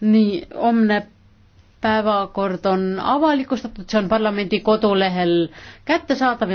nii, homne päevakord on avalikustatud, see on parlamendi kodulehel kättesaadav ja